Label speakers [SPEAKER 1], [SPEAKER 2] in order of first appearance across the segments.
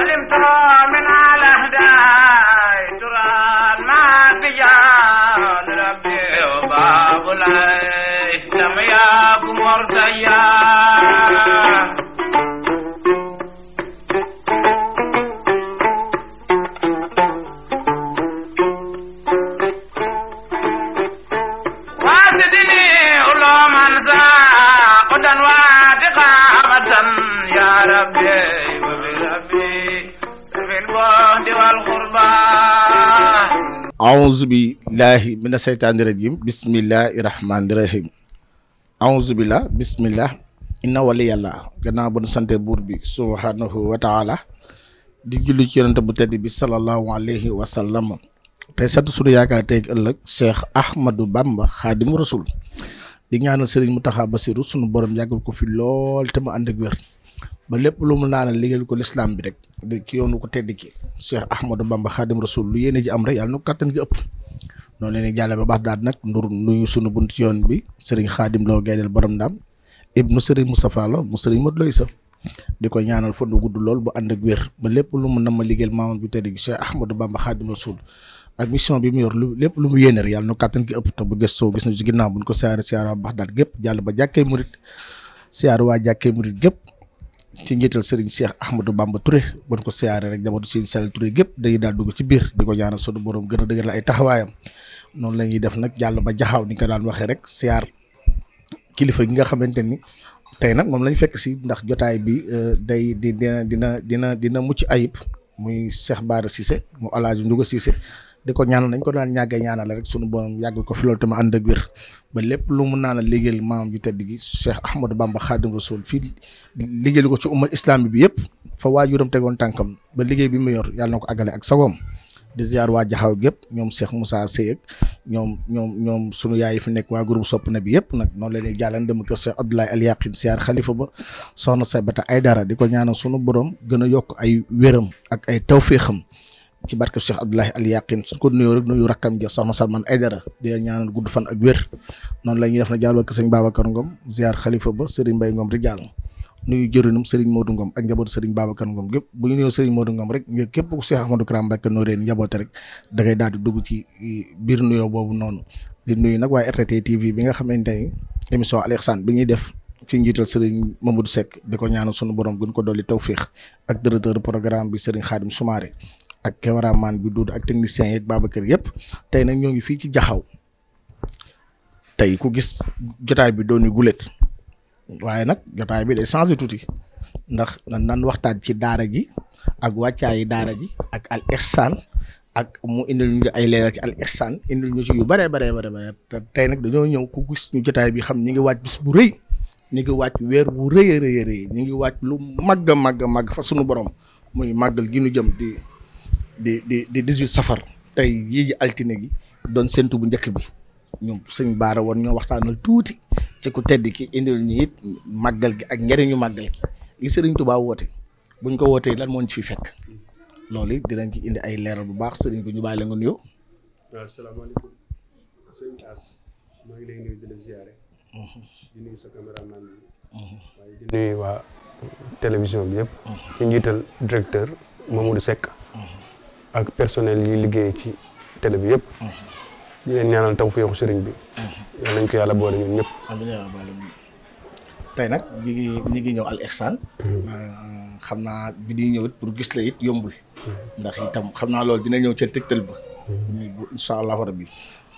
[SPEAKER 1] علمتها من الأهداي ترى ما بيان ربي وباب لم يكن مرتيا aouzu billahi mina seytaani rajim bismillahi rahmaani rahim aouzu billah bismillah inna wali yàlla gannaaw ba nu sante buur bi subhanahu wa taala di julli ci yonante bu tedd bi sallallahu alayhi wa tey sant sunu yaakaar tey ëllëg cheikh ahmadou bamba xaadimu rasul di ñaanal sëriñ Mountakha Bassirou sunu borom yàggal ko fi lool te mu ànd ak wér ba lépp lu mu naanal liggéeyal ko lislaam bi rek di ci yoonu ko tedd ki Cheikh Ahmadou Bamba Khadim Rasoul lu yéene ji am rek yàlla na ko kàttan gi ëpp noonu leen jàlle ba baax daal nag ndur nuyu sunu bunt ci yoon bi sëriñ Khadim Lo Gaydel borom ndaam ibnu sëriñ Moustapha Lo mu sëriñ Modou Lo sa di ko ñaanal fan gudd lool bu ànd ak ba lépp lu mu namm liggéeyal maamam bi tedd gi Cheikh Ahmadou Bamba ak mission bi mu yor lu lépp lu mu yéene rek yàlla nu kàttan ëpp te bu gëstoo gis na ci ginnaaw ko siyaare siyaare waa Baxdaad gépp jàll ba jàkkee murit siyaare waa jàkkee murit gépp ci njiital Serigne Cheikh Ahmadou Bamba Touré bon ko siyaare rek jamono Serigne Sall Touré gépp dañuy daal dugg ci biir di ko ñaanal sunu borom gën a dëgër ay taxawaayam noonu la ñuy def nag jàll ba jaxaaw ni ko daan waxee rek siyaar kilifa gi nga xamante ni tey nag moom lañ fekk si ndax jotaay bi euh, day di dina dina dina dina mucc ayib muy Cheikh Bara Cissé mu El Hadj Ndiouga Cissé di ko ñaanal dañ ko daan ñàggee ñaanal rek sunu borom yàgg ko fi loolu tamit ànd ak wér ba lépp lu mu naanal liggéeyal maam ju tedd gi Cheikh Ahmadou Bamba Khadim Rasoul fii liggéeyal ko ci ummal islam bi yëpp fa waajuram tegoon tànkam ba liggéey bi mu yor yàlla na ko àggale ak sagoom di ziar waa jaxaw gépp ñoom Cheikh Moussa Seye ak ñoom ñoom ñoom sunu yaay yi fi nekk waa groupe sopp na bi yëpp nag noonu la ñuy jàllan dama kër Cheikh Abdoulaye Al Yaqin ziar xalifa ba soxna Saybata Aydara di ko ñaanal sunu borom gën a yokk ay wéram ak ay tawféexam ci barke Cheikh Abdoulahi Al Yaqin su ko nuyoo rek nuyu rakkam ja soxna Salman Aydara di ñaanal gudd fan ak wér noonu la ñuy def na jaaloo ak sëñ Babacar Ngom ziar xalifa ba Serigne Mbaye Ngom rek jàll nuyu jëriñum Serigne Modou Ngom ak njabootu Serigne Babacar Ngom gépp bu ñu nuyoo Serigne Modou Ngom rek nga képp ku Cheikh Ahmadou Kara Mbacké noo njaboote rek da ngay daal di dugg ci e, biir nuyoo boobu noonu di nuyu nag waaye RTT TV bi nga xamante ni émission Al bi ñuy def ci njiital Serigne Mamadou Seck di ko ñaanal sunu borom gën ko dolli tawféex ak directeur programme bi Serigne Khadim Soumaré ak cameraman bi Doudou ak technicien yeeg Babacar yëpp tey nag ñoo ngi fii ci jaxaw tey ku gis jotaay bi doon ñu waaye nag jotaay bi day changé tuuti ndax nan waxtaan ci daara ji ak wàccaayi daara ji ak al ihsan ak mu indil ñu ay leeral ci al ihsan indil ñu yu bare bare bare bare tey nag dañoo ñëw ku gis ñu jotaay bi xam ñu ngi waaj bis bu rëy ñu ngi wàcc weer wu rëy a rëy a ñu ngi wàcc lu màgg a màgg màgg fa sunu borom muy màggal gi nu jëm di di di di dix-huit safar tey yii altine gi doon séntu bu njëkk bi ñu sëñ baara woon ñoo waxtaanal tuuti ci ku tedd ki indil ñu it màggal gi ak njëriñu màggal gi li sëriñ Tuubaa woote buñ ko wootee lan moo ci fi fekk loolu it dinañ ci indi ay leeral bu baax sëriñ bi ñu bàyyi la nga nuyoo.
[SPEAKER 2] Asalaamaaleykum nuyu di nuyu sa caméraman bi
[SPEAKER 1] waaye di nuyu waa télévision bi yëpp
[SPEAKER 2] ci njiital directeur Mamadou Seck ak personnel yi liggéey ci télé bi yëpp leen ñaanal taw feexu sëriñ bi yal nañ ko yàlla boole ñun ñëpp
[SPEAKER 1] tey nag ñi ngi ñëw al ihsan hmm. xam naa bi di ñëw it pour gis la it yombul hmm. ndax itam xam naa loolu dina ñëw ci tegtal ba hmm. bi incha allahu rabbi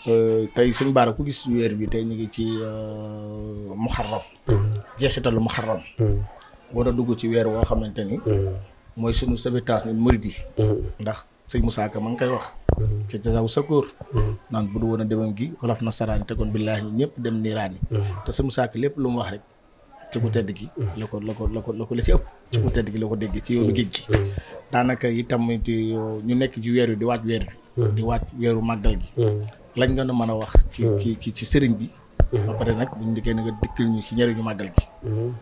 [SPEAKER 1] Euh, tey sëñ Baara ku gis weer bi tey ñu ngi ci euh, muharram hmm. jeexitalu muharram hmm. war a dugg ci weer woo xamante ni hmm. mooy sunu sabitage ni murid yi ndax sëñ Moussa Ka ma ngi koy wax ci tasaw sakóor naan bu du woon a gi wolof nasaraan te kon billaahi ñi ñëpp dem niiraani te sëñ Moussa lépp lu mu wax rek ci ku tedd gi la ko la ko la ko la ko la ci ëpp ci ku tedd gi la ko déggee ci yoonu géej gi daanaka itam euh, ñu nekk ci weer wi di waaj weer bi di waaj weeru màggal gi lañ doon mën a wax. ci hmm. ci ci sëriñ bi. Hmm. ba pare nag buñ dikkee nga dikkal ñu ci njëriñu màggal gi. Hmm.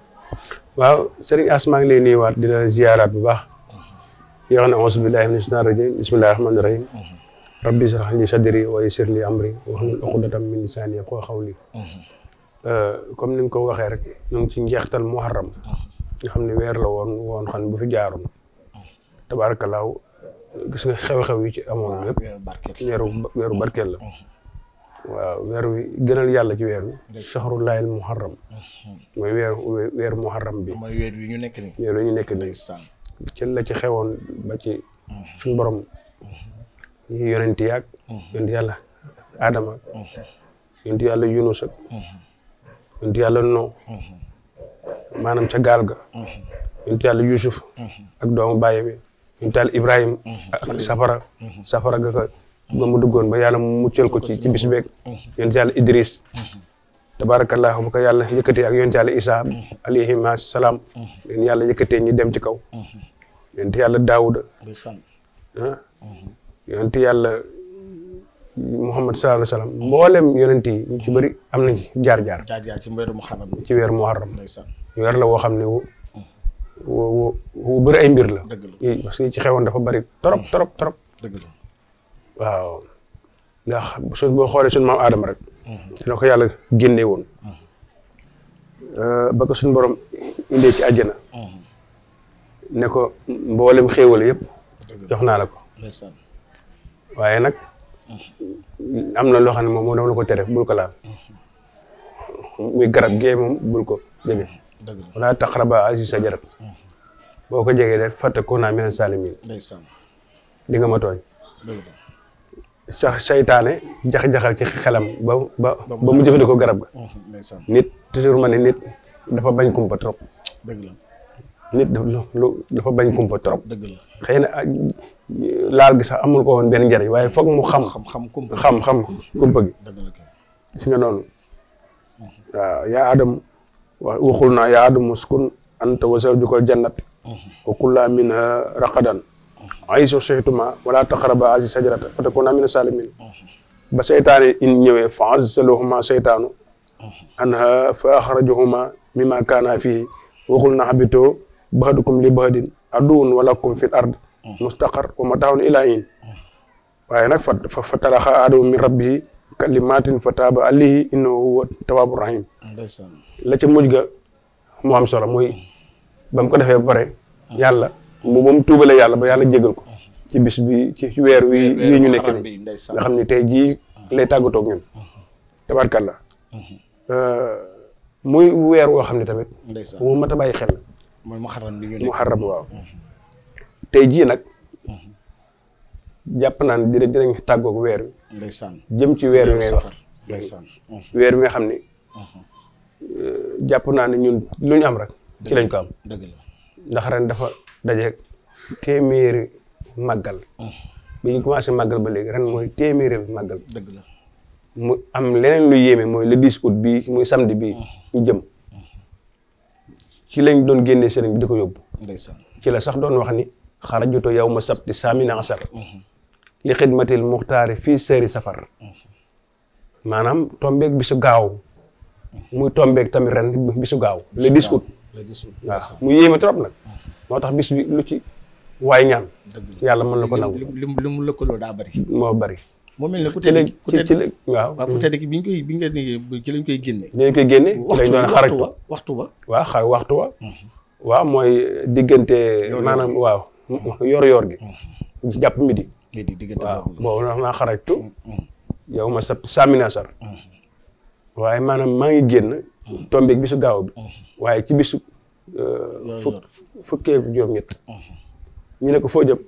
[SPEAKER 2] waaw sëriñ As maa ngi lay nuyuwaat di la ziyaaraat bu baax. yoo xam ne auzu billaahi mina shaytaani rajiim bismillaahi rahmaani rahiim. rabbi israh li sadri wa yassir li amri wahlul uqdatam min lisaani yafqahu qawli. Euh, comme ni ko waxee rek ñu ci njeextal muharram nga xam ne weer la woon woon xam bu fi jaaroon. tabaarakalaaw gis nga xew-xew yi ci amoon lépp weeru weeru barkeel la mm-hmm. waaw weer wi gënal yàlla ci weer wi saxaru laayil muharram mm-hmm. mooy weer weeru muharram bi mooy weer wi ñu nekk nii weer wi ñu nekk nii ci la ci xewoon ba ci mm-hmm. suñu borom yi yonent yaag yonent yàlla aadama yonent yàlla yunus ak yonent yàlla no maanaam ca gaal ga yonent yàlla yusuf ak doomu bàyyi bi ñu taal Ibrahima. Mm-hmm. ak safara. Mm-hmm. safara ga ka mu duggoon ba yàlla mu muccal ko ci ci bis beeg. Mm-hmm. yonent yàlla Idris. tabarakallahu bu ko yàlla yëkkatee ak yonent yàlla Isa. alayhima salaam. leen yàlla yëkkatee ñi dem ci kaw. yonent yàlla Daawuda. Ah. yonent yàlla Muhammad sallallahu alayhi mboolem yonent yi ci bëri am nañ ci jaar jaar.
[SPEAKER 1] jaar ci weeru Muharram.
[SPEAKER 2] ci weer la woo xam ne. wu wu bëri ay mbir la. parce que ci xewoon dafa bari mm.
[SPEAKER 1] trop trop trop.
[SPEAKER 2] waaw ndax suñ boo xoolee suñ maam Adama rek. dina mm-hmm. ko yàlla génne woon. Mm-hmm. Euh, ba ko suñ borom indee ci àjjana. Mm-hmm. ne ko mboolem xéewal yépp jox naa la ko. waaye nag. am na loo xam ne moom moo dama la ko tere bul ko laal. muy garab gee moom bul ko jege. wala taqraba asi sajarat boo ko jegee rek fatakuna naa salimin di nga ma tooñ sax saytaane jax-jaxal ci xelam ba ba ba mu jëfandikoo garab ga
[SPEAKER 1] mm-hmm.
[SPEAKER 2] nit toujours ma ne nit dafa bañ kumpa trop dëgg la nit dafa bañ kumpa trop dëgg la xëy na ah, laal gi sax amul ko woon benn njariñ waaye foog mu xam xam xam kumpa gi dëgg si nga noonu mm-hmm. yaa adam waxul naa yaa Aadam uskun anta wa zawjukal jannat wa kulaa minhaa raqadan haysu shi'tumaa wa laa taqrabaa haazihi shajarata fatakuunaa mina saalimiin ba seytaane in ñëwee fa azzallahumaa seytaanu anhaa fa axrajahumaa mimmaa kaanaa fiihi wa qulnaa ihbituu ba'dukum li ba'din aduwwun wa lakum fil ardi mustaqarrun wa mataa'un ilaa hiin waaye nag fa fa talaqa aadamu min rabbihi kalimatin fa taaba alayhi innahu huwa tawaabu rahim la ca mujj ga mu am solo mooy ba mu ko defee ba pare yàlla mu ba mu tuubale yàlla ba yàlla jégal ko ci bis bi ci weer wi yi ñu nekk ni nga xam ne tey jii lay tàggatoog ñun tabarkàlla euh, muy weer woo xam ne tamit wu mat a bàyyi xel la mooy muharram bi ñu waaw tey jii nag jàpp naa ne dinañ dinañ tàggoog weer wi. ndeysaan jëm ci weer wi ngay wax. Mm-hmm. weer wi nga xam ne. Mm-hmm. Euh, jàpp naa ne ñun lu ñu am rek. ci lañ ko am. dëgg ndax ren dafa daje téeméeri màggal. Mm-hmm. bi ñu commencé màggal ba léegi ren mooy téeméeri màggal. dëgg la mu am leneen lu yéeme mooy le 10 bi muy samedi bii ñu jëm. ci lañ doon génne sëriñ bi di ko yóbbu. ndeysaan ci la sax doon wax ni. xarajutoo yow ma sabti saamina asar li xidmatil muxtaari fii seeri safar maanaam tombeeg bisu gaaw muy tombeeg tamit ren bisu gaaw le 10 août mu mu yéeme trop nag moo tax bis lu ci waay ñaan yàlla mën na ko nangu li mu lëkkaloo daa bari
[SPEAKER 1] moo bëri moo mel ne ku tedd ku tedd waaw waaw ku ki bi ñu koy bi nga ni ci lañ koy génne lañ koy génne lañ doon xaraj waxtu ba waaw waxtu wa waaw mhm. mooy diggante maanaam waaw
[SPEAKER 2] mhm. yor yor gi mhm. jàpp midi lii di diggante boobu waaw moom naa xarajtu mm, mm. yow ma sa saamina sar mm. waaye maanaam maa ngi génn bi su gaaw bi waaye ci bisu euh, fukk fukkee juróom-ñett ñu ne ko foo jëm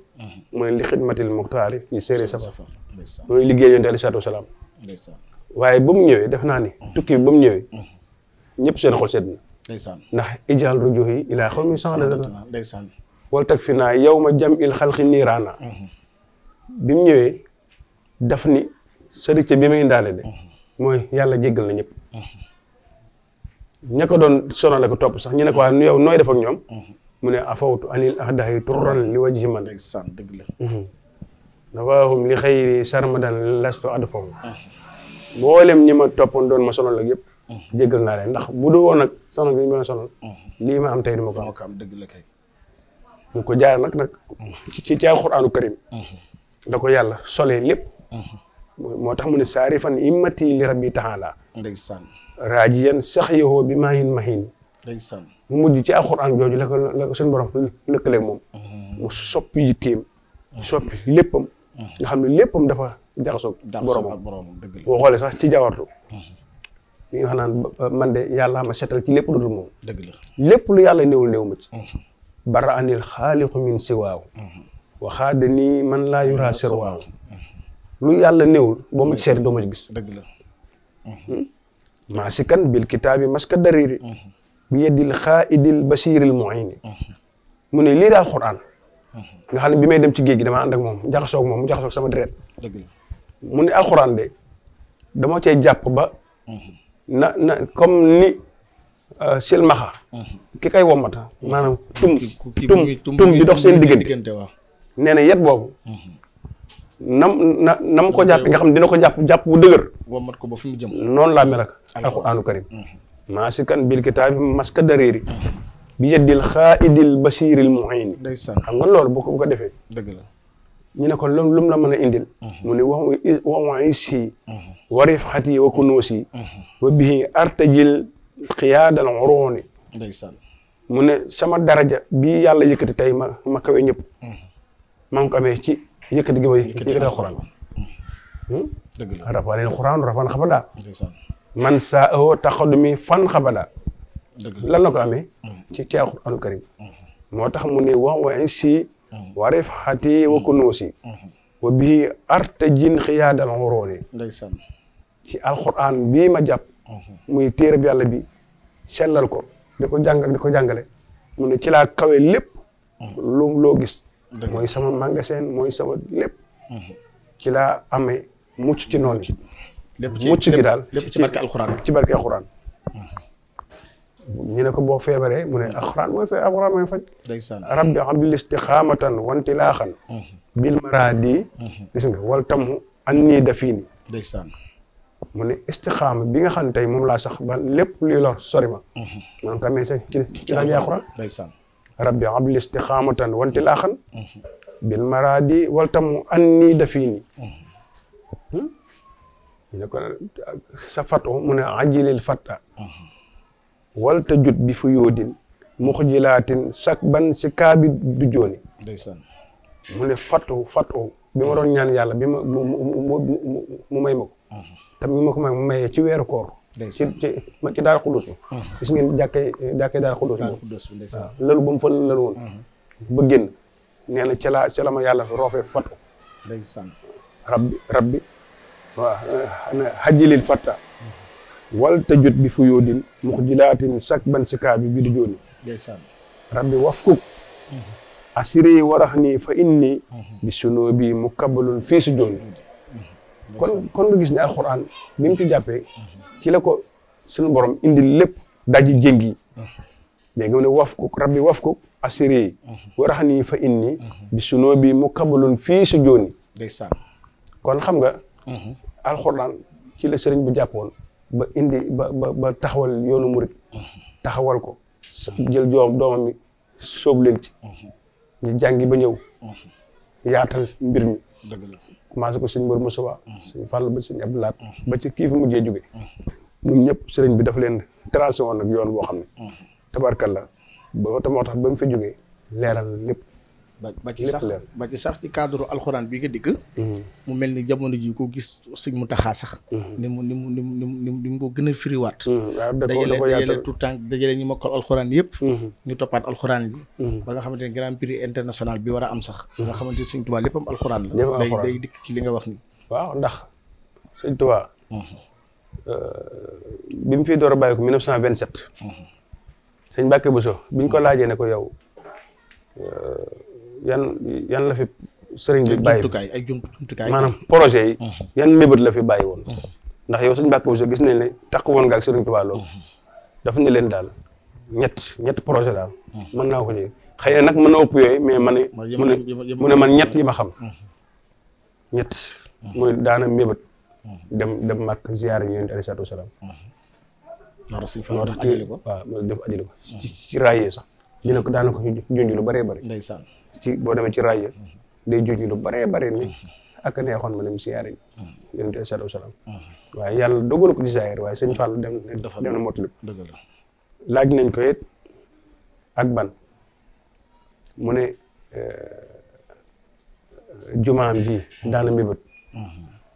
[SPEAKER 2] mu ne li xidmatil muxtaari fii séeré safar mooy liggéey yonte alayhi salaatu wasalaam waaye ba mu ñëwee def naa ni tukki bi ñëwee ñëpp seen xol sedd na ndax ijaal rujuhi ilaa xaw mi saxla ndeysaan wal tag fi naa yow ma jam il xalqi niiraana mm-hmm. bi mu ñëwee daf ni sëricë bi muy indaale de mooy yàlla jéggal na ñëpp ña doon sonal ko topp sax ñu ne ko yow nooy def ñoom mu ne afawtu anil ahdahi turran li wajhi man ndeysaan dëgg la dafaahum mhm. li xayri sarmadan lastu adfaw mhm. mboolem ñi ma toppoon doon ma sonal ak yëpp mhm. jéggal naa leen ndax bu du woon nag sonal gi ñu mën a lii ma am tey du ma ko am dëgg la kay mu ko jaar nag nag da ko yàlla solee lépp mhm. moo tax mu ne fan saarifan immati li rabbi taala ndeysaan raajiyan sax yoxoo bi maahin mahin ndeysaan mu mujj ci alxuraan jooju la ko la ko suñu borom lëkkaleeg moom mhm. mu sopp yitteem mhm. soppi léppam
[SPEAKER 1] nga xam ne léppam dafa borom boromam boo xoolee sax
[SPEAKER 2] ci jawartu li nga xam naan man de yàlla ma setal ci lépp lu dul moom dëgg la lépp lu yàlla néewul néew ma ci bara anil xaaliqu min waxaade nii man laa yuraa ser waaw lu yàlla néewul boo ma seet doo ma gis dëgg la hmm? maasikan bil kitaabi maska dariri hmm. bi yedil xaaidil basiril muini hmm. mu ne lii daal Alxuraan nga xam bi may dem ci géej gi damaa ànd moom jaxasoo ak moom mu jaxasoo sama deret dëgg la mu ne Alxuraan de dama cee jàpp ba na na comme ni euh, silmaxa ki kay womata maanaam tum tum tum di dox seen diggante waaw nee na yet boobu. nam na nam ko jàppee nga xam dina ko jàpp jàpp bu dëgër. wommat ko ba fi mu jëm. noonu laa mel ak. alxuraanu karim. Mm-hmm. maasikan bil kitaabi maska dariiri. bi yeddil xaaidil basiiril muhiini. ndeysaan xam nga loolu bu ko bu ko defee. dëgg la ñu ne ko lum lum la mën a indil. Mm-hmm. mu ne wax wax isi. warif mm-hmm. xati wa kunuusi. wa bihi artajil xiyaadal uruuni. ndeysaan mu ne sama daraja bi yàlla yëkkati tey ma ma kawe ñëpp. maa ngi ko amee ci yëkkati gi ma yëkkati alxuraan hmm? dëgg la rafa leen xuraan rafan xabada man saa oo taxadu mi fan xabada lan la ko amee hmm. ci ci alxuraanul karim hmm. moo tax mu ne wa wa insi wa rifxati wa kunuusi wa bii arta jin xiyaadal xuróoni ndeysaan ci alxuraan bii ma jàpp muy téereb yàlla bi sellal ko di ko jàng di ko jàngale mu ci laa kawe lépp lu mooy sama magasin mooy sama lépp. Mhm. ci laa amee mucc ci noonu yi. lépp ci mucc gi daal lépp ci barke alxuraan ci barke alxuraan. Mhm. ne ko boo feebaree mu ne mhm. alxuraan mooy fee alxuraan mooy faj. ndeysaan rabbi xabil istixaamatan wanti laaxan. bil maraadi. gis nga wal tamu an nii dafii mu ne istixaama bi nga xam tey moom laa sax ba lépp luy lor sori ma. maanaam tamit ci ci rajo rabbi abli istixaamatan wantil axan mm-hmm. bil maraadi waltamu anni dafiini mm-hmm. hmm? ñu ne ko sa mu ne ajilil fatta mm-hmm. walta jut bi fu yoodin muxjilaatin sak ban si kaabi du jooni mu ne fatu bi ma doon ñaan yàlla bi mu may ma ko tam ma may mu ci weeru koor ci ci daal xudus bi ah. gis ngeen jàkkee jàkkee daal xudus bi ah, lalu ba mu fa lalu woon ah. ba génn nee na ca la ca ma yàlla roofee fat ko ndeysaan rabbi rabbi waaw xajjilil eh, fatta wal ta jot bi fu yoodin mux jilaatin sak ban si kaa bi bi di jooni ndeysaan rabbi waf kuk mm-hmm. asiri warax nii fa inni mm-hmm. bi sunoo mu kabalun fii si jooni mm-hmm. kon kon nga gis ne alxuraan bi mu ci jàppee ci la ko suñu borom indil lépp daji jéng yi dégg nga ne waf ko rabbi waf ko asiri waraxanii fa inni bi sunoo bi mu kabalun fii su jooni ndeysaan kon xam nga mhm. alxuraan ci la sëriñ bu jàppoon ba indi ba taxawal yoonu murit taxawal ko jël joom doomam mi sóobu leen ci mhm. ba ñëw mhm. yaatal mbir mi commencé ko sëñ Mbër Moussa mm. sëñ Fall ba sëñ Abdou Lahat mm. ba ci kii fi mujjee jóge mm. ñoom ñëpp sëriñ bi daf leen tracé woon nag yoon boo xam ne la ba tam moo tax ba mu fi jógee
[SPEAKER 1] leeral lépp ba ci sax ba ci sax ci cadre alxuraan bi nga dikk mhm. mu mel ni jamono ji ko gis sëñ mu taxaa sax mhm. ni mu ni mu ni mu ni mu ni mu ko a firiwaat mhm. ah, dajale dajale tout ñu mokkal alxuraan yëpp ñu toppaat alxuraan nga xamante ne grand prix international bi war a am sax nga xamante ne sëñ Tuubaa léppam alxuraan la day day dikk ci li nga wax ni waaw ndax sëñ Tuubaa
[SPEAKER 2] euh, bi mu fii door a bàyyi ko sañ sëñ Mbàkke Bousso biñ ko laajee ne ko yow euh, yan yan la fi sëriñ bi bàyyi ay jumtukaay maanaam projet yi mm-hmm. yan mébét la fi bàyyi woon mm-hmm. ndax yow suñu Mbàkke Buso gis nañ ne takk woon nga ak sëriñ Tuubaa loolu mm-hmm. dafa leen daal ñett ñett projet daal mën naa ko ñëw xëy na nag mën na ëpp yooyu mais man ne mu ne man ñett yi ma xam ñett muy daana mébét dem dem Makka ziyaare ñeent alayhi salaatu wa salaam moo tax waaw def ajali ko ci raayee sax dina ko daana ko junj lu bëree bëri ndeysaan ci boo demee ci rajo day juju lu bare bare ni ak neexoon ma dem siyaare yonent bi sallallahu alayhi wasallam waaye yàlla dogal ko ci saayir waaye sëñ Fallou dem dem na mottali laaj nañ ko ak ban mu ne eh, jumaam ji daana mbibët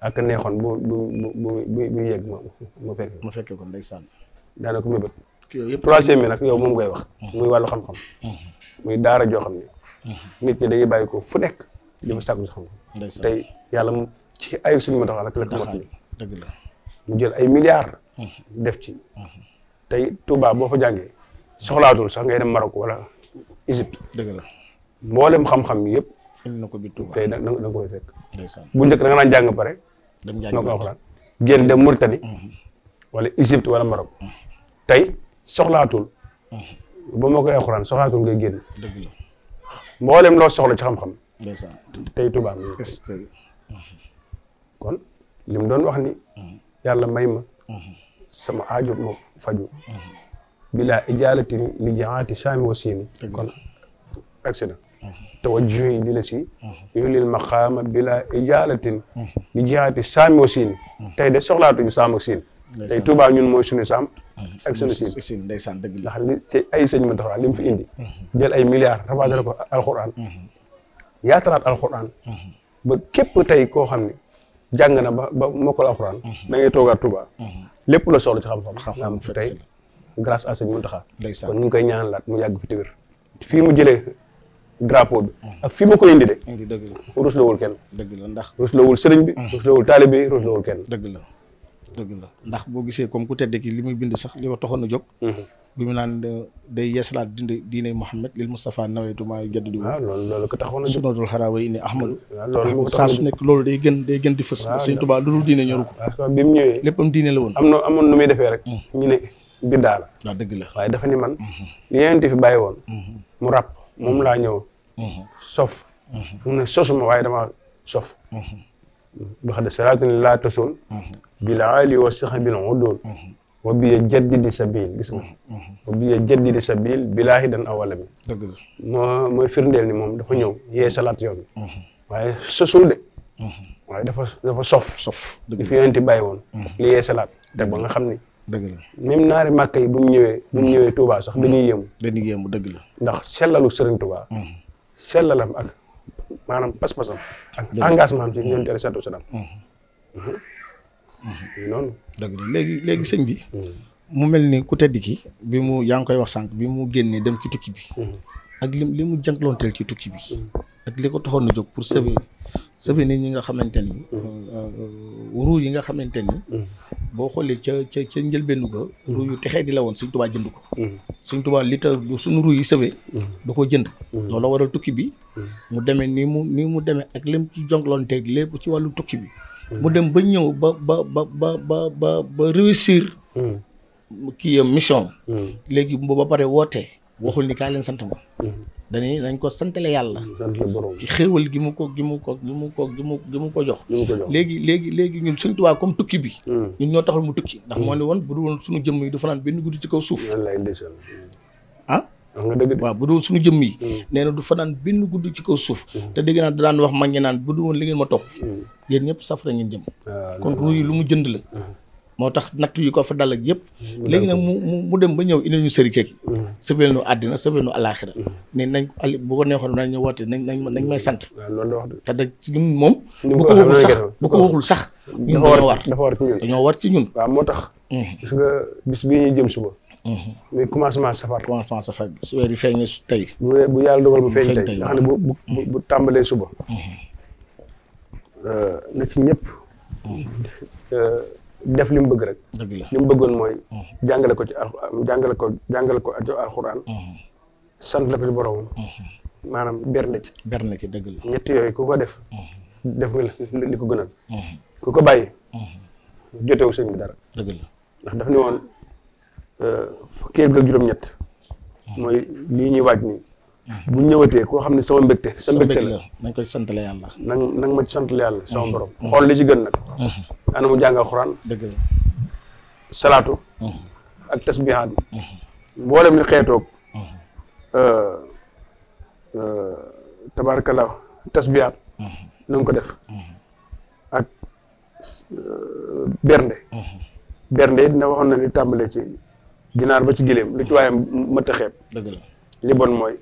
[SPEAKER 2] ak neexoon bu bu bu bu bu yegg ma ma fekk ma fekk ko ndeysaan daana ko mbibët troisième bi nag yow moom ngay wax mm-hmm. muy wàllu xam-xam mm-hmm. muy daara joo xam ne nit ñi dañuy bàyyi ko fu nekk jëm sàkku ji xam-xam yàlla mu ci ayu suñu ma taxaw dëgg la mu jël ay milliards
[SPEAKER 1] mm-hmm. def ci mm-hmm.
[SPEAKER 2] tey Touba boo fa jàngee soxlaatul sax ngay dem Maroc wala Égypte dëgg la mboolem xam-xam yëpp indi na ko bi Touba tey da nga koy fekk bu njëkk da nga naan jàng pare dem jàng ko alxuraan génn mm-hmm. wala Égypte wala Maroc soxlaatul ba moo koy alxuraan soxlaatul ngay génn dëgg la mboolem loo soxla ci xam-xam. tey Tuubaa mi kon li mu doon wax ni. yàlla may ma. sama aajo ma faju bilaa ijaalatin li jaxaati saami wa siini kon accident tawajjuhi di la si yulil maqaama bilaa ijaalatin li jaxaati saami wa siini tey de soxlaatuñu saam ak siin tey Tuubaa ñun mooy suñu saam ak sunu siin ndeysaan dëgg la ndax li ay sëñ ma taxawaa li mu fi indi mm-hmm. jël ay milliards rafaatale ko mm-hmm. alxuraan mm-hmm. yaatalaat alxuraan ba képp tey koo xam ne jàng na ba ba mokkal alxuraan da ngay toogaat Tuuba lépp la soxla ci xam-xam nga am fi tey grâce à sëñ Muntaxa kon ñu ngi koy laat mu yàgg fi téwér fii mu jëlee drapeau
[SPEAKER 1] bi ak fi ma ko indi de indi dëgg la wul kenn dëgg la ndax ruslawul sëriñ bi ruslawul taalibe bi ruslawul kenn dëgg la dëgg la ndax boo gisee comme ku tedd ki li muy bind sax li ma taxoon a jóg mhm. bi mu naan day yeesalaat dind diine Muhammad lil Moustapha nawaytu maa yu jaddidu sunatul xaraawa yi ne Ahmadu saa su nekk loolu day gën day gën di fës Sëñ Tuubaa lu dul diine ñoru ko bi mu ñëwee lépp diine la woon am na amoon nu muy defee rek mm. ñu ne
[SPEAKER 2] biddaa la waaw dafa ni man mm-hmm. li fi bàyyi woon mm-hmm. mu ràpp moom laa ñëw mm-hmm. sof mu ne sosuma waaye dama sof dox de salaatu ni laa tosoon bil aali wa saxabil udul mhm. wa biya jaddidi sabil gis nga mhm, mhm. wa biya jaddidi sabil bilaahi dan awala bi dëgg la moo mooy firndeel ni moom dafa ñëw yee salaat yoon waaye sosul de waaye dafa dafa sof sof di fi yonente bàyyi woon li yee salaat dëgg ba nga xam ni dëgg la même naari màkk yi bu mu ñëwee bu mu ñëwee Touba sax dañuy yéemu
[SPEAKER 1] dañuy yéemu dëgg la
[SPEAKER 2] ndax sellalu sëriñ Touba sellalam ak maanaam pas-pasam ak engagement am si yonente alayhi salaatu wasalaam
[SPEAKER 1] noonu dëgg la léegi léegi mm. sëñ bi mm. mu mel ni ku tedd ki bi mu yaa ngi koy wax sànq bi mu génnee dem ci tukki bi mm. ak li li mu jànkloonteel ci tukki bi ak li ko taxoon na jóg pour sauver sauver nit ñi nga xamante ni euh, euh, ruu yi nga xamante ni boo xoolee ca ca ca njëlbéenu ko ruu yu texe di la woon Sëñ Tuubaa jënd ko Sëñ Tuubaa li tax suñu ru yi sauver da ko jënd loolu waral tukki bi mu demee ni mu ni mu demee ak lim ci jànkloonteel lépp ci wàllu tukki bi mu dem ba ñëw ba ba ba ba ba ba réussir. Hmm. kii mission hmm. léegi bu ba pare wootee waxul ni kaa leen sant ma. dañuy hmm. dañ ko santale yàlla. ci xéewal gi mu ko gi mu ko gi mu ko gi mu gi mu ko jox. léegi léegi léegi ñun suñ tubaab comme tukki bi. ñun ñoo taxul mu tukki. ndax moo ne woon bu dul woon suñu jëmm yi du fanaan benn guddi ci kaw suuf. ah. waaw bu dul suñu jëmm yi. nee na du fanaan bind guddi ci kaw suuf. te dégg naa daan wax ma ngeen naan bu dul woon li ngeen ma topp. yéen ñëpp safara ngeen jëm
[SPEAKER 2] ah, kon ruu yi
[SPEAKER 1] lu mu jënd uh-huh. ko fa dal ak yëpp léegi nag mu mu dem ba ñëw indi ñu sëriñ kekk uh-huh. sëfeel nu àddina sëfeel uh-huh. ne nañ ali bu ko neexoon nañ ñu woote nañ nañ nañ may sant bu ko waxul sax bu ko waxul sax ñun dañoo war dafa war moo tax mm-hmm. gis nga bis bii ñuy jëm suba
[SPEAKER 3] mm-hmm.
[SPEAKER 2] muy commencement safar commencement safar bi su weer yi feeñee tey bu yàlla dogal bu mm-hmm. feeñ tey bu tàmbalee suba na ci ñëpp mm. euh, def li mu bëgg rek li mu bëggoon mooy mm. jàngale ko ci jàngale ko jàngale ko ci alxuraan mm. sant la ko ci boroomam maanaam bernde ci bernde ñett yooyu ku ko def def nga li ko gënal ku ko bàyyi jotewu sëñ bi dara dëgg ndax daf ni woon euh, fukki ak juróom-ñett mooy lii ñuy waaj nii bu ñëwatee koo xam ne sama mbégte sa mbégte la
[SPEAKER 1] nañ ko santale yàlla
[SPEAKER 2] nang nang ma ci santale yàlla sama borom xool li ci gën nag ana mu jàng alxuraan dëgg la salaatu ak tasbihaat mboolem li xeetoog euh, euh, tabaarkalla tasbihaat na nga ko def ak bernde bernde dina waxoon na ni tàmbalee ci ginaar ba ci gileem li ci waaye ma taxeeb li bon mooy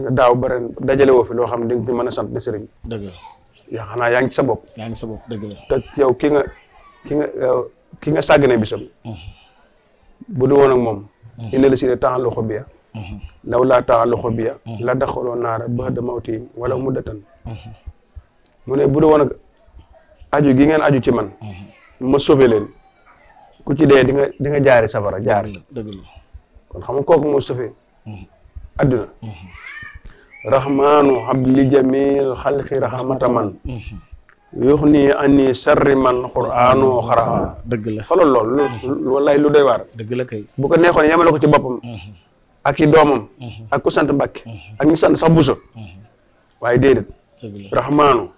[SPEAKER 2] daaw ba ren fi loo xam ne di nga mën a sant de sëriñ dëgg la yaa xanaa yaa ngi ci sa bopp yaa ngi sa bopp dëgg la te yow ki nga ki nga ki nga sàggane bisam mm-hmm. bu du woon ak moom mm-hmm. ina la si ne taxan loxo biya mm-hmm. law laa taxan loxo biya la daxaloo naara ba da mawtiin wala muddatan mu ne bu du woon aju gi ngeen aju ci man ma sauvé leen ku ci dee di nga di nga jaari safara jaar kon xam nga kooku moo adduna rahmaanu habli jamil xalqi rahmata man yux nii ani sarri man quraanu xaraxa dëgg la xoolal loolu wallaay lu doy waar dëgg la kay
[SPEAKER 3] bu ko neexoon yemale ko ci boppam
[SPEAKER 2] mm-hmm. ak i doomam mm-hmm. ak ku sant Mbàkke mm-hmm. ak ñu sant waaye déedéet rahmaanu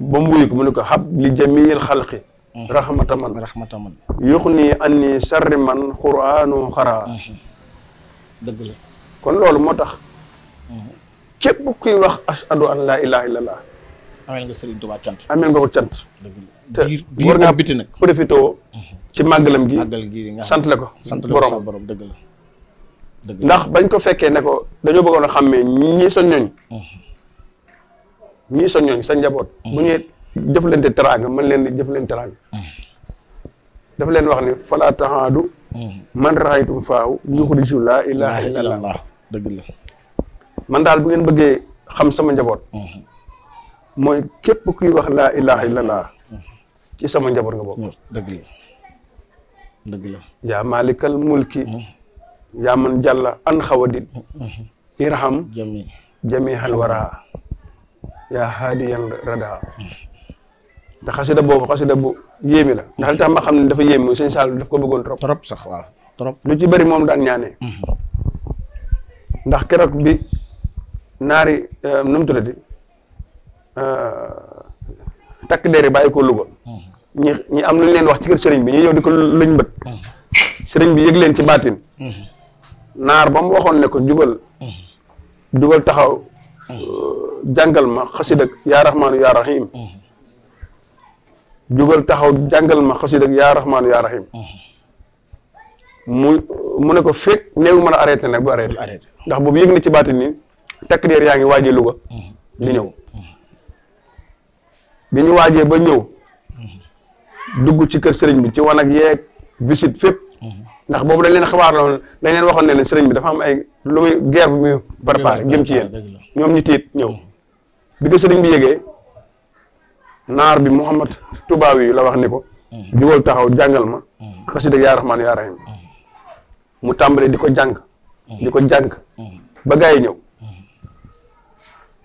[SPEAKER 2] ba mu wuyu ko li ne ko habli jamil xalqi
[SPEAKER 1] rahmata man rahmata man
[SPEAKER 2] yux nii ani sarri man quraanu xaraxa kon loolu moo tax képp kuy wax ashadu an laa ilaha illallah. ameel nga Serigne Touba cant. ameel nga ko
[SPEAKER 1] cant. dëgg te war ngaa biti nag profité ci màggalam gi gi nga sant la ko. sant la ko borom dëgg ndax
[SPEAKER 2] bañ ko fekkee ne ko dañoo bëggoon a xàmmee ñii sa ñooñ. Mm-hmm. ñii sa ñooñ sa njaboot. Mm-hmm. bu ñuy jëflante teraanga mën leen def jëflante teraanga. Mm-hmm. dafa leen wax ne fala tahaadu man raaytum faaw yuxriju laa ilaha illallah dëgg la. man daal bu ngeen bëggee xam sama njaboot. Mhm. mooy képp kuy wax laa ilaha illallah. Mhm. sama njaboot nga bokk. dëgg la dëgg la. yaa malikal mulki. Mhm. yaa man jàlla an xawadin. irham jami jami halwara. yaa haadiyan rada. te xasida boobu xasida bu yéemi la. ndax li tax ma xam ne dafa yéemi mooy sëñ Saalum daf ko bëggoon trop. trop sax waaw
[SPEAKER 1] trop. ci bëri moom daan ñaanee.
[SPEAKER 2] ndax keroog bi. naari euh, nu mu tuddati euh, bàyyi ko Louga mm-hmm. am lu ñu leen wax ci sëriñ bi ñu ñëw di ko luñ mm-hmm. bi yëg leen ci baatin mm-hmm. naar ba mu waxoon ne ko jubal dugal taxaw euh, jàngal ma xasid ak yaa jugal taxaw jàngal ma xasid ak yaa rahmaanu yaa rahim mu mu ne ko fekk néew mën a arrêté nag bu arrêté ndax boobu yëg na ci baatin nii takk der yaa ngi waajee Louga di ñëw bi ñu waajee ba ñëw dugg ci kër sëriñ bi ci wanag ak yeeg visite fépp ndax boobu dañ leen xabaar loon dañ leen waxoon ne leen sëriñ bi dafa am ay lu muy guerre bu muy préparé jëm ci yéen ñoom ñi tiit ñëw bi ko sëriñ bi yegee naar bi Mouhamad tubaab yi la wax ni ko jugal taxaw jàngal ma xasida yaa rahmaan yaa rahim mu tàmbalee di ko jàng di ko jàng ba gaa yi ñëw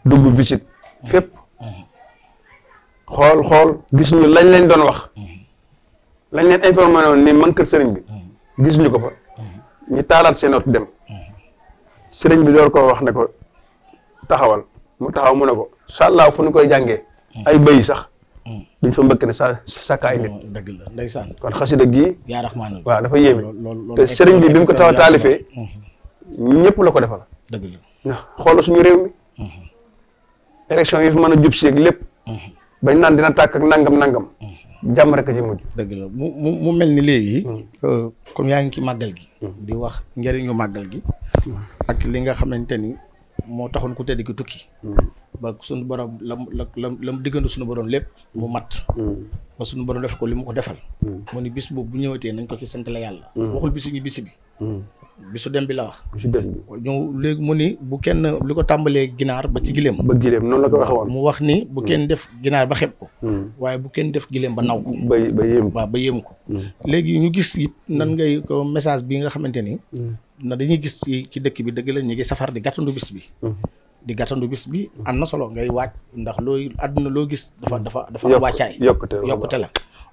[SPEAKER 2] dugg visite fépp xool xool gisuñu ñu lañ leen doon wax lañ leen informé woon ni man kër sëriñ bi gis ñu ko fa ñu taalaat seen oto dem sëriñ bi door ko wax ne ko taxawal mu taxaw mu ne ko sàllaaw fu ñu koy jànge ay bëy sax duñ fa mbëkk ne sa sàkkaay nit mm-hmm. dëgg la ndeysaan kon xasida gii yaa raxmaan waaw dafa yéeme
[SPEAKER 1] te sëriñ bi bi mu ko taw taalifee
[SPEAKER 2] mm-hmm. ñëpp la ko defal
[SPEAKER 1] dëgg xoolal
[SPEAKER 2] suñu réew mi mm-hmm.
[SPEAKER 1] élection yi fi man a
[SPEAKER 2] jub seeg lépp. Mhm. bañ naan dina tàkk ak nangam nangam.
[SPEAKER 1] Mhm. jàmm rek a ci mujj. dëgg la mu mu mel ni léegi. Mhm. Euh, comme yaa ngi ci màggal gi. di wax njëriñu màggal gi. ak li nga xamante ni moo taxoon ku tedd ki tukki. ba suñu borom lam la lam lam diggante suñu borom lépp mu mat mm. ba suñu borom def ko li mu ko defal mm. mu ni bis boobu bu ñëwatee nañ ko ci sant la yàlla mm. waxul bisu ñu bisi bi su dem bi la wax bisu dem bi léegi mu ni bu kenn li ko tàmbalee ginaar ba ci giléem ba giléem noonu la ko waxee woon mu wax ni bu kenn def ginaar ba xeeb ko waaye bu kenn def giléem ba naw ko ba ba ba yéem ko léegi ñu gis it nan ngay ko message bi nga xamante ni na dañuy gis ci dëkk bi dëgg la ñu ngi safar di gàttandu bis bi di gàttandu bis bi am na solo ngay waaj ndax looy àdduna loo gis dafa mm. dafa dafa am wàccaay yokkute la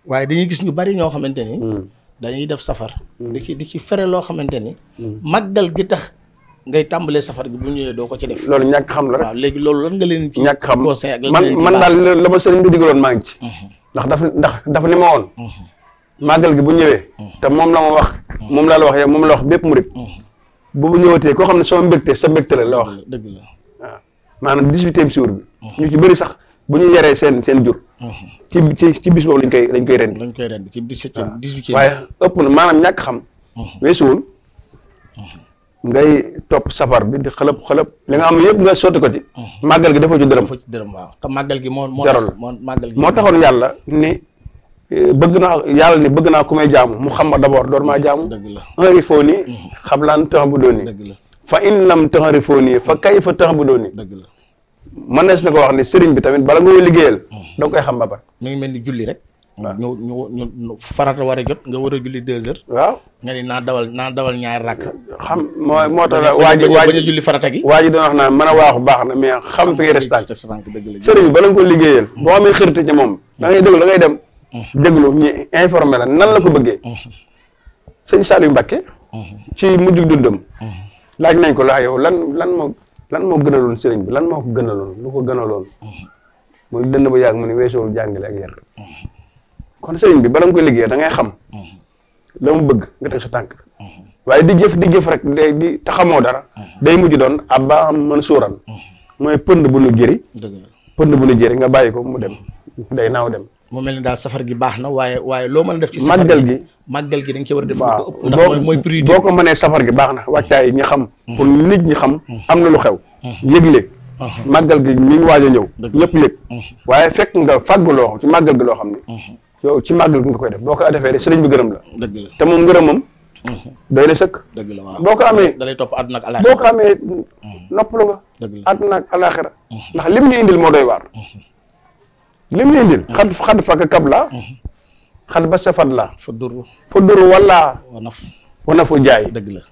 [SPEAKER 1] waaye dañuy gis ñu bari ñoo xamante ni mm. dañuy def safar di ci di ci fere loo xamante ni mm. màggal gi tax ngay tàmbalee safar gi bu ñëwee doo ko ci def loolu ñàkk xam la rek loolu lan nga leen ci ñàkk xam conseil ak man man daal la ma sëriñ bi digaloon maa
[SPEAKER 2] ngi ci mm-hmm. ndax daf ndax dafa ni ma woon mm-hmm. màggal gi bu ñëwee mm-hmm. te moom la ma wax moom laa la wax yow moom la wax bépp murit bu bu ñëwatee koo xam ne soo mbégte sa mbégte la la wax la maanaam dix-huitième jour bi. ñu ci bëri sax bu ñu yaree seen seen jur. ci ci ci bis lañ koy lañ koy ren. lañ koy ren ci dix-septième dix waaye ëpp na maanaam ñàkk xam. weesuwul. ngay topp safar bi di xalëp xalëp li nga am yëpp nga sotti ko ci. màggal gi dafa ci dërëm. dafa
[SPEAKER 1] ci dërëm waaw te màggal gi moo. moo màggal gi moo taxoon yàlla
[SPEAKER 2] ni. Eh, bëgg naa yàlla ni bëgg naa ku may jaamu mu xam ma d'abord door maa jaamu. dëgg la un il faut ni. xam laan tax bu doon nii. fa in lam ta'rifuuni fa kayfa ta'buduuni mënees na ko wax ni sëriñ bi tamit bala nga koy liggéeyal hmm. da koy xam
[SPEAKER 1] ba pare mi ngi mel ni julli rek ñu ñu ñu farata war a jot war a julli deux heures waaw nga ni naa dawal naa dawal ñaar rakk xam moo moo tax waa ji waa ji julli farata gi waa ji doon wax naa mën a waaxu
[SPEAKER 2] baax na mais xam fi ngay des tànk sëriñ bi bala nga koy liggéeyal boo amee xërte ci moom hmm. da ngay déglu dem hmm. déglu ñu informé la nan la ko bëggee sëñ Saliou Mbacké ci mujj dundam laaj nañ ko laa yow lan lan moo lan moo gënaloon sëriñ bi lan moo ko gënaloon lu ko gënaloon mm-hmm. mu ne dënn ba yàgg mu ne weesuwul jàngale ak yar mm-hmm. kon sëriñ bi bala nga koy liggéey da ngay xam mm-hmm. la mu bëgg nga teg sa tànk waaye di jëf di jëf rek day di taxamoo dara day mujj doon abba mën suuran
[SPEAKER 1] mooy pënd bu nu jëri pënd bu nu jëri nga bàyyi ko mu dem day naaw dem mu mel ni daal safar gi baax na waaye waaye loo mën a def ci safar gi màggal gi màggal gi da nga war a def lu ko ndax mooy mooy priorité boo ko mënee gi baax na wàccaay ñi xam hmm. pour nit ñi xam hmm. am na lu xew
[SPEAKER 3] hmm.
[SPEAKER 2] yëgle màggal gi mi ngi waaj a ñëw ñëpp yëg waaye fekk nga fàggu loo ci màggal gi loo xam ne yow ci màggal gi nga koy def boo ko defee de sëriñ bi gërëm la
[SPEAKER 1] dëgg la te moom ngërëmam doy na sëkk dëgg la waaw boo ko amee da lay àdduna ak alaaxira boo ko amee noppalu nga
[SPEAKER 2] àdduna ak alaaxira ndax lim ñu indil moo doy
[SPEAKER 1] waar lim lay indil. Mm-hmm.
[SPEAKER 2] xad xad faka kabla. Mm-hmm. xad ba safat la. fa duru fa duru wala. wanaf wanafu jaay. dëgg la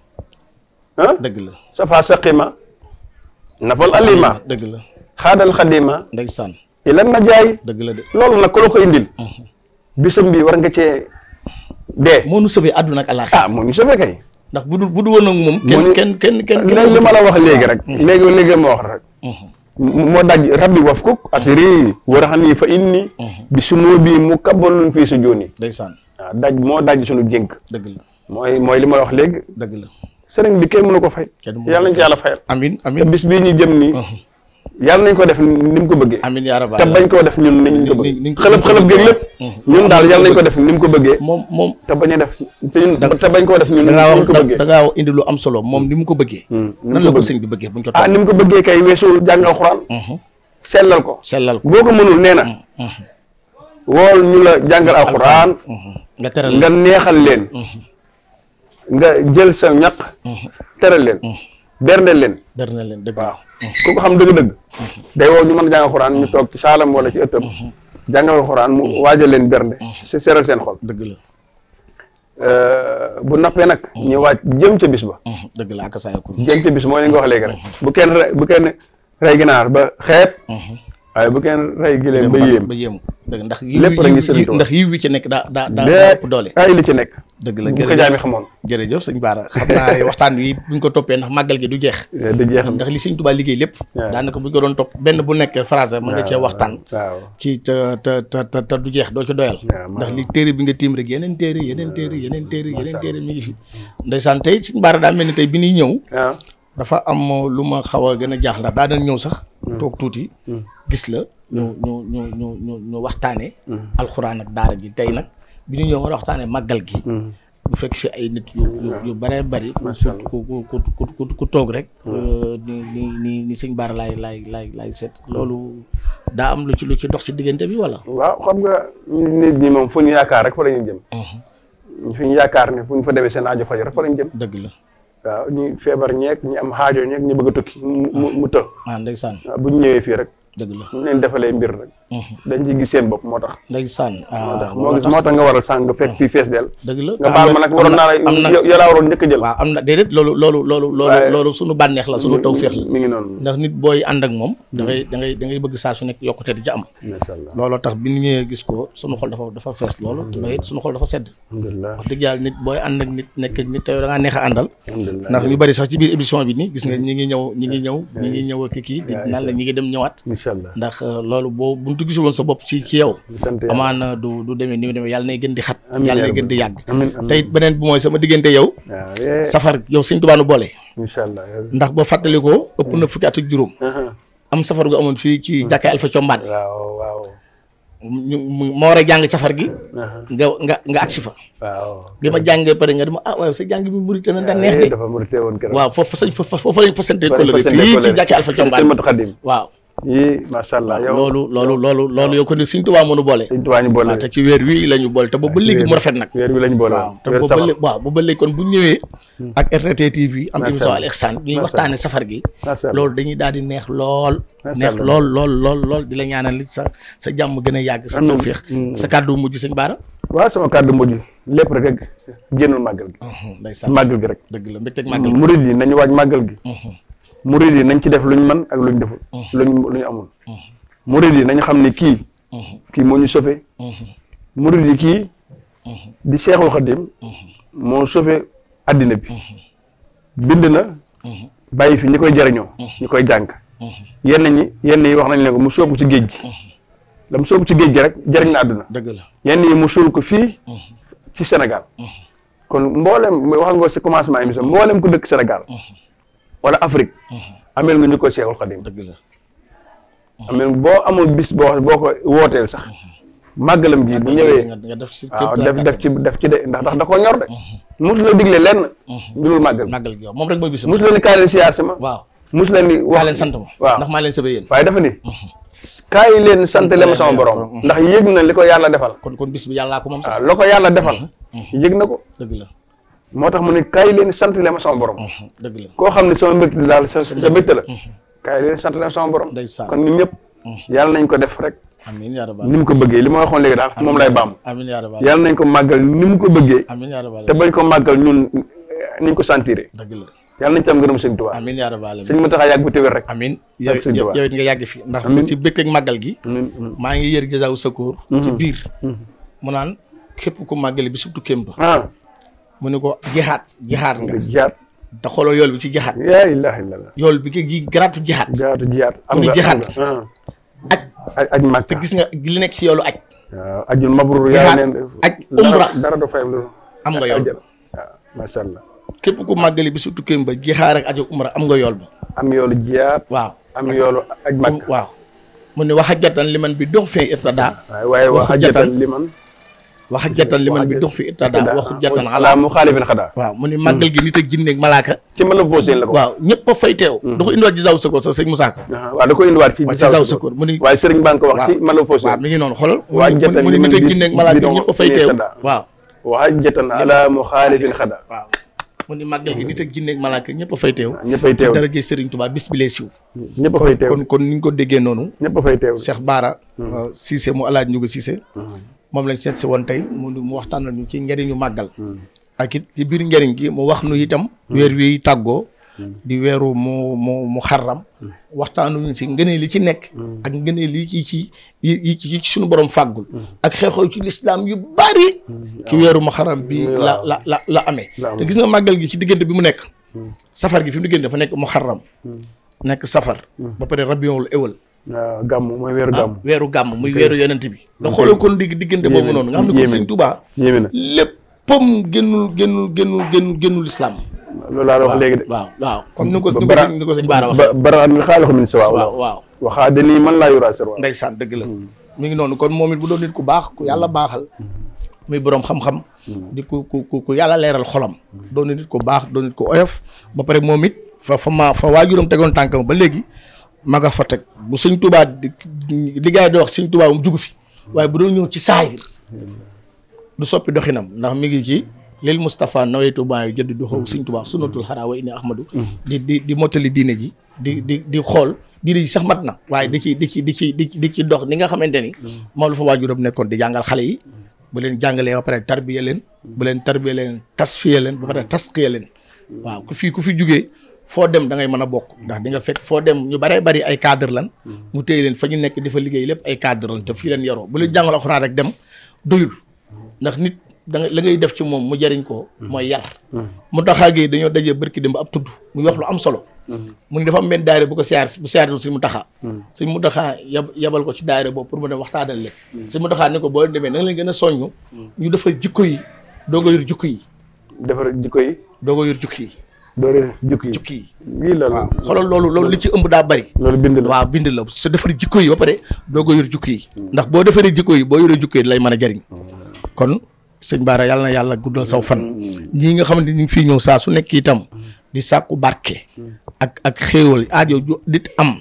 [SPEAKER 2] ah. dëgg la safa saqima. nafal alima. dëgg la xaadal xadima.
[SPEAKER 1] ndeysaan ilan na jaay. dëgg la de loolu nag ku la ko indil. Mm-hmm. bisam bi war nga cee dee. moo nu sëfee àdduna ak àllaaxira. Ah, moo nu sëfee kay. ndax bu du bu dul woon moom. kenn kenn kenn kenn. li wax léegi rek. léegi léegi ma wax rek. moo daj rabbi waf ko asiri warhamni fa inni mhm. bi
[SPEAKER 2] sunuubi mukabbalun fii sujuuni ndeysaan waaw ah, daj moo daj sunu jënk
[SPEAKER 1] dëgg la mooy mooy li ma wax léegi dëgg la
[SPEAKER 2] sëriñ bi kenn mënu ko
[SPEAKER 1] fay yàlla nañ ko yàlla fayal amin amin bis bi ñu jëm nii mhm. yàlla nañ ko def ni ko bëggee. amiin yaa rabbal te bañ koo def ñun niñ ko bëgg xëlëb xëlëb géeg lépp ñun daal yàlla nañ ko def ni mu ko bëggee moom te bañ a koo def ñun niñ ko bëggee da ngaa wax indi lu am solo moom ni mu ko bëggee hmm, nan la ko sëñ bi bëggee buñ ko ah ni mu ko bëggee kay weesu jàng alxuraan mhm. sellal ko sellal ko boo ko mënul nee na hmm, hmm. wool ñu la jàngal alxuraan mhm. nga teral nga neexal leen mhm.
[SPEAKER 2] nga jël sa ñaq teral leen berndeel leen.
[SPEAKER 1] berndeel leen dëgg waaw
[SPEAKER 2] ko xam dëgg-dëgg. day woo ñu mën a jàng xuraan ñu toog ci saalam wala ci ëttam. Mhm. jàngal xuraan mu waaja leen bernde. Mhm. si seeral seen xol. dëgg la. Euh, bu nappee nag mhm. ñu waaj jëm ca bis ba. dëgg la ak saa jëm ca bis mooy li nga wax léegi rek bu kenn bu kenn ginaar ba xeet waaye bu kenn rey gileem ba yéem ba
[SPEAKER 1] yéem ndax lépp rek ngi sëriñ ndax yiw wi ci nekk daa daa daa ëpp doole ay ci nekk dëgg la bu ko jaami jërëjëf sëñ Baara xam naa waxtaan wi buñ ko toppee ndax maggal gi du jeex eh, jeex ndax li sëñ Tuubaa liggéey lépp daanaka buñ ko doon topp benn bu nekk phrase mën nga cee waxtaan ci du jeex doo ci doyal ndax li téere bi nga tiim rek yeneen téere yeneen téere yeneen téere yeneen téere mi ngi fi ndeysaan tey sëñ Baara daa mel ni tey bi ñuy ñëw dafa am lu ma xaw a gën a jaax ndax daa doon ñëw sax. Hmm. toog tuuti. Hmm. gis la ñu ñu ñu ñu ñu ñu waxtaanee. Hmm. alxuraan ak daara ji tey nag bi ñu ñëw war a waxtaanee màggal gi. bu fekk fi ay nit yu yu bari bëree bëri. surtout ku ku ku toog rek. Euh, ni ni ni ni sëñ Bara laay laay laay laay seet. loolu daa am lu ci lu ci dox ci diggante bi wala. waaw xam
[SPEAKER 2] nga nit ñi moom fu ñu yaakaar rek fa la ñuy jëm. fi ñu yaakaar ne fu ñu fa demee seen aajo faju rek fa la ñu jëm. dëgg la. waaw ñi feebar ñeek ñi am xaajo ñeeg ñi bëgg a tukki mu mu të. Ah,
[SPEAKER 1] waaw ndeysaan bu ñu ñëwee fii rek dëgg la ñu leen
[SPEAKER 2] mhm. dañ ci gis seen bopp moo tax
[SPEAKER 1] dañ sànn ah, moo tax nga fekk ah. fii fees del
[SPEAKER 2] dëgg la nga baal ma nag waroon
[SPEAKER 1] a jël na déedéet loolu la suñu taw féex la ndax da ngay da ngay bëgg saa su nekk yokkute di ca am
[SPEAKER 2] ñu a bari sax ci biir émission
[SPEAKER 1] bi ni gis nga ñi ngi ñëw ñi ngi ñëw ñi ngi ñëw ak kii di naan la ñi ngi dem ñëwaat incha allah ndax euh, loolu boo bu ñu si woon sa bopp ci ci yow amaana du du demee ni mu demee yàlla nay gën di xat yàlla nay gën di yàgg tey beneen bi mooy sama diggante yow ah, eh. safar yow sëñ Tuubaa nu boole incha allah ndax ba fàttali ko na fukki at ak juróom uh-huh. am safar gu fii ci uh-huh. jàkkaay Alpha Combaan waaw waaw ma war a jàng safar gi uh-huh. nga nga nga agsi fa waaw bi ma jàngee pare nga dama ah waaw sa jàng bi murite na a neex de ah, eh, waaw foofu sañ foofu lañ fa sante ko la fii ci jàkkaay Alpha Combaan waaw yii macha allah yow loolu loolu loolu loolu yow ko ni Sëriñ Tuubaa mënu boole Sëriñ Tuubaa ñu boole te ci weer wi la ñu boole te boobu ba léegi mu rafet nag waaw te ba léegi kon bu ñëwee hmm. ak RTT TV am émission Al Ihsan ñuy waxtaane safar gi loolu dañuy daal di neex lool neex lool lool lool di la ñaanal li sa sa jàmm gën a yàgg sa tawféex hmm. sa kàddu mujj Sëriñ Bara
[SPEAKER 2] waaw sama kàddu mujj lépp rek ak
[SPEAKER 1] génnul màggal gi hmm, ndeysaan màggal gi dëgg la mbégteeg màggal murid yi nañu
[SPEAKER 2] waaj màggal gi murid yi nañ ci def luñ man ak luñ deful. Mm-hmm. luñ ñu amul. murid mm-hmm. yi nañ xam ne kii. Mm-hmm. kii moo ñu sauvé. murid yi kii. di Seexul Xadim moo sauvé àddina bi. bind na. bàyyi fii ñu koy jariñoo. ñu koy jàng. yenn ñi yenn yi wax nañ leen ko mu soobu ci géej gi. la mu soobu ci géej gi rek jariñ na àdduna. dëgg la yenn yi mu suul ko fii. ci Sénégal. kon mboolem wax nga si commencement émission mboolem ku dëkk Sénégal. wala Afrique. Mm-hmm. amel nga ni ko Cheikhul Khadim. dëgg la mm-hmm. boo amoon bis boo boo ko wooteel sax. Mm-hmm. màggalam ji bu ñëwee
[SPEAKER 1] nga def si waaw def def
[SPEAKER 2] ci def ci de ndax ndax da koo ñor de. mus la digle lenn.
[SPEAKER 1] lu dul màggal màggal gi waaw moom rek mooy bisam. mus la ni kaay leen wax leen sant ma. waaw ndax maa leen sëbee yéen. waaye dafa ni. kaay leen sant leen ma sama borom. ndax yëg na li ko yàlla defal. kon kon bis bi yàllaa ko moom sax. waaw loo ko yàlla defal.
[SPEAKER 2] yëg na ko dëgg la. moo tax mu ne kaay leen sant leen ma sama borom. Mhm,
[SPEAKER 1] dëgg la koo xam ne sama mbégte daal sa sa mbégte la. Mhm. kaay
[SPEAKER 2] leen sant leen sama borom. kon ñun ñëpp. Mhm. yàlla nañ ko def rek.
[SPEAKER 1] amiin yaa rabbal ni mu ko bëggee li ma waxoon léegi daal moom lay baam. amiin yaa rabbal yàlla nañ
[SPEAKER 2] ko màggal ni mu ko bëggee.
[SPEAKER 1] amiin yaa rabbal te
[SPEAKER 2] bañ ko màggal ñun eh,
[SPEAKER 1] niñ ko sentiré. dëgg la yàlla nañ ci am ngërëm sëñ Tuubaa. amiin yaa rabbal sëñ ma tax a yàgg bu téwér rek. amiin yow it nga yàgg fi ndax ci bëkk ak màggal gi. maa ngi yër Jazaawu Sakóor. ci biir mu naan képp ku màggale bi surtout kémb mu ne ko jihaat jihaat nga jihaat te xoolal yool bi ci jihaat yaa ilaha yool bi gi garaatu jihaat garaatu jihaat am nga jihaat ah. nga aj aj te gis nga li nekk ci yoolu ak waaw ajul mabrur yaa dara do fayam am nga yool waaw képp ku màggali bi su tukkeem ba jihaar ak aju umra am nga yool ba am yoolu jihaat waaw am yoolu aj màkk waaw mu ne wax a jatan liman bi dox fee irtada waaye waaye wax a jatan liman waa jatan li man bi dox fi ittada waxu jatan ala mu xaalifin xadaa waaw mu ni màggal gi nit ak jinne ak malaaka ci mën la booseen la a fay teew waa mm-hmm. ko indiwaat ci zaw sakoor sax sëñ Moussa Ka waaw da ko indiwaat ci zaw sakoor mu ni waaye sëriñ baa ko wax ci mën la booseen waaw mi ngi noonu xoolal ni nit ak jinne ak malaaka ñëpp fay teew waaw xaalifin xadaa mu ni màggal gi nit ak jinne ak malaaka ñëpp a fay teew ñëpp a teew dara jëy sëriñ Tuubaa bis bi lay siw a fay teew kon kon ni ñu ko déggee noonu ñëpp a fay teew Cheikh Baara mm-hmm. Cissé mu alaaj ñu ko Cissé mm-hmm. moom lañ seet si woon tey mu waxtaan nañu ci njariñu màggal. Hmm. ak it ci biir njëriñ gi mu wax nu itam. Hmm. weer wi tàggoo. Hmm. di weeru mu mu mu xarram. waxtaanuñu si ngëneel li ci nekk. ak ngëneel yi ci ci suñu borom fàggul. ak xew ci lislaam yu bari. ci weeru mu xaram bi la la la la amee. te gis nga màggal gi ci diggante bi mu nekk. safar gi fi mu diggante dafa nekk mu xarram. nekk safar. ba pare rabiul awal gàmm mooy weeru ah, gàmm weeru gàmm muy weeru yonent bi nga xoolal kon digg diggante boobu noonu nga xam ne kon sëñ Tuubaa yéeme na léppam génnul génnul génnul génnul génnul islam loolu laa wax léegi de waaw waaw comme ni ko ni ko sëñ Baara waxee bara mi xaalixo min si waaw waaw waxaa de nii man laa yuraa sir waaw ndeysaan dëgg la hmm. mi ngi noonu kon moom it bu doon nit ku baax ku yàlla baaxal hmm. muy boroom xam-xam hmm. di ku ku ku ku yàlla leeral xolam doon nit ku baax doon nit ku oyof ba pare moom it fa fa ma fa waajuram tegoon tànkam ba léegi ma nga fa teg bu sëñ tubaa li gars yi di wax sëñ tubaa moom jugu fi waaye bu doo ñëw ci saayir du soppi doxinam ndax mi ngi ci lil Moustapha nawaytu baayu jëdd du xaw sëñ tubaa sunnatul xaraa wa inni ahmadu di di di mottali diine ji di di di xool diine ji sax mat na waaye di ci di ci di ci di di ci dox ni nga xamante ni moom la fa waajuram nekkoon di jàngal xale yi bu leen jàngalee ba pare tarbiya leen bu leen tarbiya leen tasfiya leen bu pare tasqiya leen waaw ku fi ku fi jugee foo dem dangay mën a bokk ndax di fekk foo dem ñu baree bari ay cadre lan mu téye leen fa ñu nekk di fa liggéey lépp ay cadre lan te fii leen yaroo bu leen jàngal alxuraan rek dem doyul ndax nit da nga la ngay def ci moom mu jariñ ko mooy yar mu taxaagee dañoo dajee bërki dem ba ab tudd muy wax lu am solo mu ne dafa am benn daayira bu ko siyaar bu siyaar suñ mu taxaa suñ mu taxaa yabal ko ci daayira boobu pour mu dem waxtaanal leen suñ mu taxaa ni ko boo demee na nga gën a soññu ñu defar jikko yi doo nga yor jikko yi defar jikko yi doo nga yor jikko doore jukki jukki yi loolu loolu loolu li ci ëmb daa bari loolu bind la waaw bind la su defar jikko yi ba pare doo ko yor jukki yi ndax boo defaree jikko yi boo yoree jukki yi lay mën a jariñ kon sëñ Bara yàlla na yàlla guddal saw fan ñii nga xam ni ñu ngi fii ñëw saa su nekk itam di sàkku barke ak ak xéewal aajo ju dit am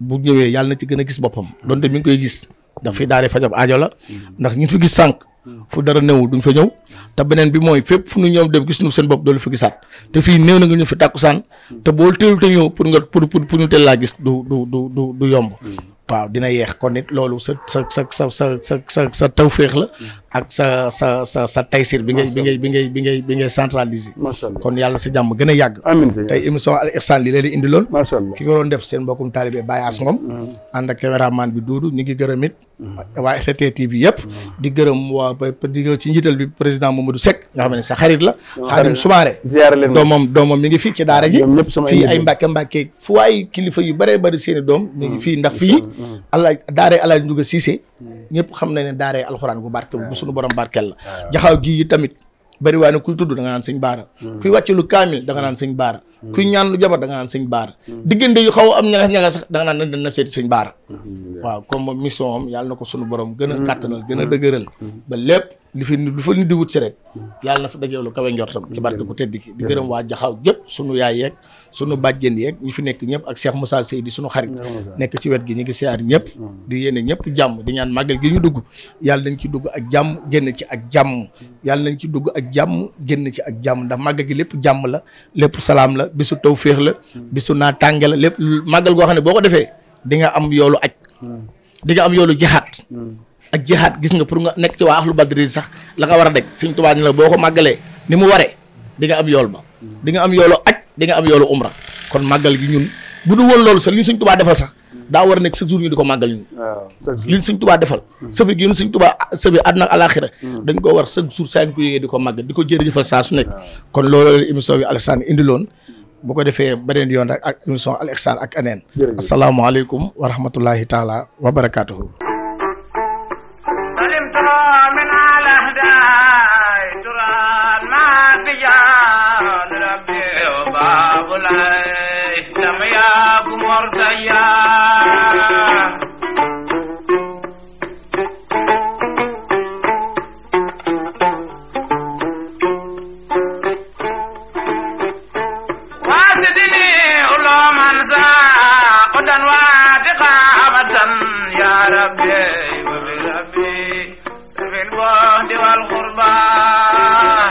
[SPEAKER 1] bu ñëwee yàlla na ci gën a gis boppam donte mi ngi koy gis ndax fii daal di fajab aajo la ndax ñu fi gis sànq fu dara newul duñ fa ñëw te beneen bi mooy fépp fu nu ñëw dem gis nu seen bopp doolu fa gisaat te fii néew na nga ñu fi tàkkusaan te boo teelu te ñëw pour nga pour pour ñu teel laa gis du du du du du yomb mm. waaw dina yeex kon nit loolu sa sa sa sa sa sa sa tawféex la ak sa sa sa sa taysir bi ngay bi ngay bi ngay bi ngay bi ngay centralisé kon yàlla si jàmm gën a yàgg amiin tey émission Al Ikhsan li leen indi loon ki ko doon def seen mbokkum taalibe Baye Ass Ngom mm-hmm. ànd ak caméraman bi Doudou ñu ngi gërëm mm-hmm. waa RTT TV yëpp mm-hmm. di gërëm waa di ci njiital bi président Mamadou Seck nga xam ne sa xarit la Xaadim Soumaré doomam doomam mi ngi fii ci daara ji fii ay mbàkke mbàkke fu ay kilifa yu bëree bëri seen i doom mi fii ndax fii alaaj daara alaaj Ndiouga Cissé ñëpp xam na ne daaree alxuraan bu barke bu suñu borom barkeel la jaxaw gi yi tamit bari waaye kuy tudd da nga naan sëñ baara hmm. kuy wàcce lu kaamil da naan sëñ baara hmm. kuy ñaan lu jabar da nga naan sëñ baara hmm. diggante yu xaw am ñagas-ñagas sax da nga naan na na seeti sëñ baara waaw comme mission am na ko sunu borom gën a kàttanal gën a dëgëral ba lépp li fi lu fa nit di wut si rek yàlla na fa dajeelu kawe njortam ci barke ku tedd ki di gërëm waa jaxaaw gépp sunu yaay yeeg sunu bàjjen yeeg ñu fi nekk ñëpp ak Cheikh Moussa Seydi sunu xarit nekk ci wet gi ñu ngi siyaar ñëpp di yéene ñëpp jàmm di ñaan màggal gi ñu dugg yàlla nañ ci dugg ak jàmm génn ci ak jàmm yàlla nañ ci dugg ak jàmm génn ci ak jàmm ndax gi lépp jàmm la lépp salaam la bisu féex la bisu naatànge la lépp màggal goo xam ne boo ko defee di nga am yoolu aj di nga am yoolu jihaat ak jihaat gis nga pour nga nekk ci waa ahlu badri sax la nga war a deg suñ tubaab ni la boo ko màggalee ni mu waree di nga am yool ba di am yoolu aj di nga am yoolu umra kon màggal gi ñun bu du woon loolu sax li sëñ tubaa defal sax daa war a nekk chaque jour ñu di ko màggal ñun li sëñ tubaa defal hmm. sëfi gi sëñ tubaa sëfi àdduna ak alaaxira hmm. dañ ko war chaque jour saa ko yéegee di ko màggal di ko jërëjëfal saa su nekk kon loolu émission bi Alassane indi loon bu ko defee beneen yoon rek ak émission Al Ihsan ak aneen asalaamaaleykum wa rahmatullahi taala wa barakatuhu مرتيا واسدني أولو منزا قدا وادقا أبدا يا
[SPEAKER 3] ربي وبربي في الوهد والقربان